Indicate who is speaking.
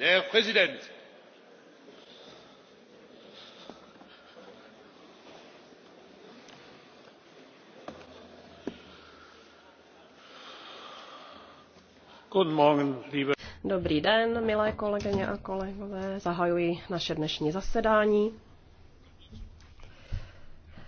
Speaker 1: herr präsident!
Speaker 2: dobrý
Speaker 3: den milé kolegyně a kolegové
Speaker 2: zahajuji naše dnešní zasedání.